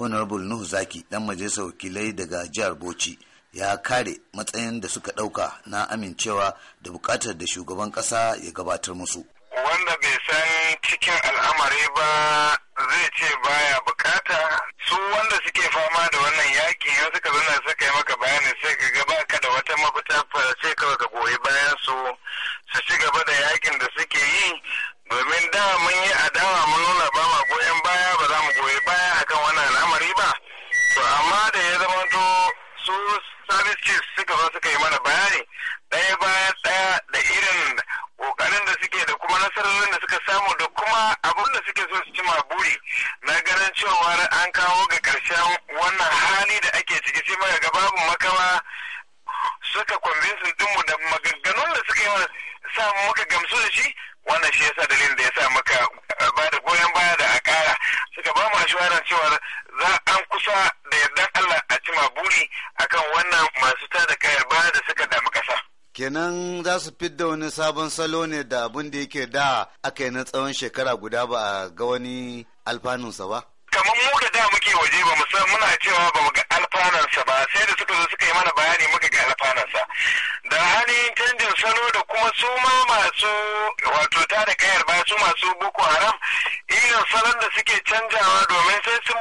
honorable nuhu zaki dan majalisar wakilai daga jihar bauchi ya kare matsayin da suka ɗauka na amincewa da bukatar da shugaban ƙasa ya gabatar musu wanda bai san cikin al'amari ba zai ce baya bukata suka suka yi mana bayani ɗaya baya ɗaya da irin ƙoƙarin da suke da kuma nasarorin da suka samu da kuma abin da suke so su cima buri na ganin cewa an kawo ga ƙarshen wannan hali da ake ciki sai muka ga babu makawa suka kwambinsu dinmu da maganganun da suka yi mana sa muka gamsu da shi wannan shi yasa dalilin da sa muka eh, ba da goyon baya da a ƙara suka ba mu cewa za an kusa yardan Allah a cima buri akan wannan masu tada kayar baya da suka damu kasa. Kenan za su fidda wani sabon salo ne da abin da yake da aka yi na tsawon shekara guda ba a ga wani alfanunsa ba? Kamar mu da da muke waje ba mu san muna cewa ba mu ga alfanunsa ba sai da suka zo suka yi mana bayani muka ga alfanunsa. Da halin canjin salo da kuma su ma masu wato tada kayar baya su masu Boko Haram irin salon da suke canjawa domin sai sun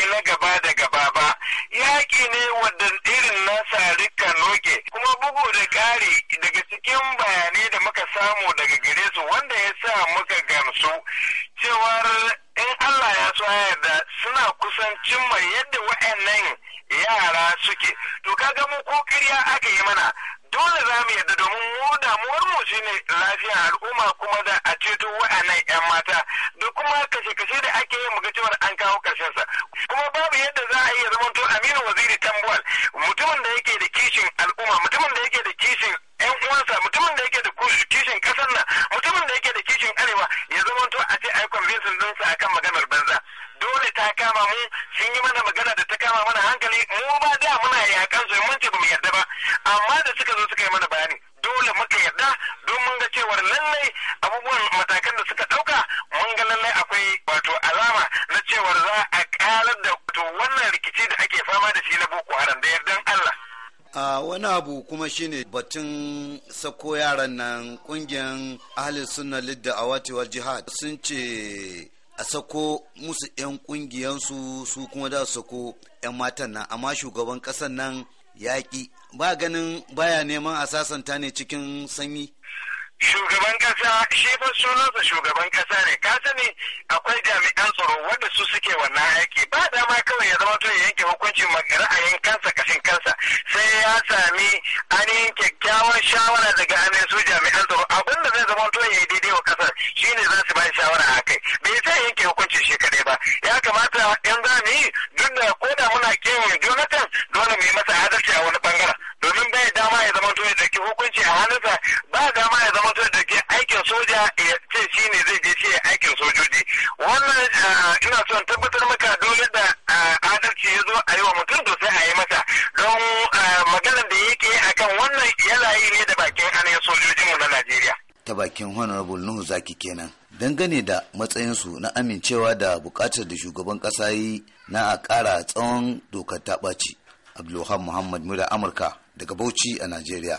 yaƙi na gaba da gaba ba yaƙi ne wadda irin nasa rika noge kuma bugu da ƙari daga cikin bayanai da muka samu daga gare su wanda ya sa muka gamsu cewar in Allah ya so da suna kusan cimma yadda wa'annan yara suke to kaga mu ko ƙarya aka yi mana dole za mu yadda domin mu damuwar mu shine lafiya al'umma kuma da a ceto wa'annan 'yan mata da kuma kashe-kashe da ake yi mu ga cewar kuma babu yadda za a iya zamanto aminu waziri tambuwal mutumin da yake da kishin al'umma mutumin da yake da kishin yan uwansa mutumin da yake da kishin kasar nan mutumin da yake da kishin arewa ya zamanto a ce ai convincing dinsa akan maganar banza dole ta kama mu sun yi mana magana da ta kama mana hankali mu ba da muna yakan su mun ce mu yarda ba amma da suka zo suka yi mana bayani dole muka yarda don mun ga cewar lallai abubuwan matakan kalar da to wannan rikici da ake fama da shi na boko haram da yardan Allah a wani abu kuma shine batun sako yaran nan kungiyar ahalin suna lidda a watewar jihad sun ce a sako musu 'yan kungiyansu su kuma da sako 'yan matan nan amma shugaban kasan nan yaƙi ba ganin baya neman a sasanta ne cikin sanyi shugaban kasa shi fa sunansa shugaban kasa ne ka sani akwai jami'an tsaro wanda su suke wannan ra'ayin kansa kashin kansa sai ya sami ainihin kyakkyawan shawara daga hannun su jami'an tsaro abin da zai zama to ya yi daidai wa kasar shine za su bayan shawara a kai bai sai yanke hukunci shi kadai ba ya kamata yan zami duk da ko da muna kewaye jonathan dole mu yi masa adalci a wani bangaren domin bai dama ya zama to ya dauki hukunci a hannunsa ba dama ya zama to ya dauki aikin soja ya ce shine zai je shi aikin sojoji wannan ah, ina son tabbatar maka ta bakin honorable nuhu zaki kenan dangane da matsayinsu na amincewa da bukatar da shugaban kasa yi na a ƙara tsawon dokar ta ɓaci abdulhamid muhammad mura amurka daga bauchi a najeriya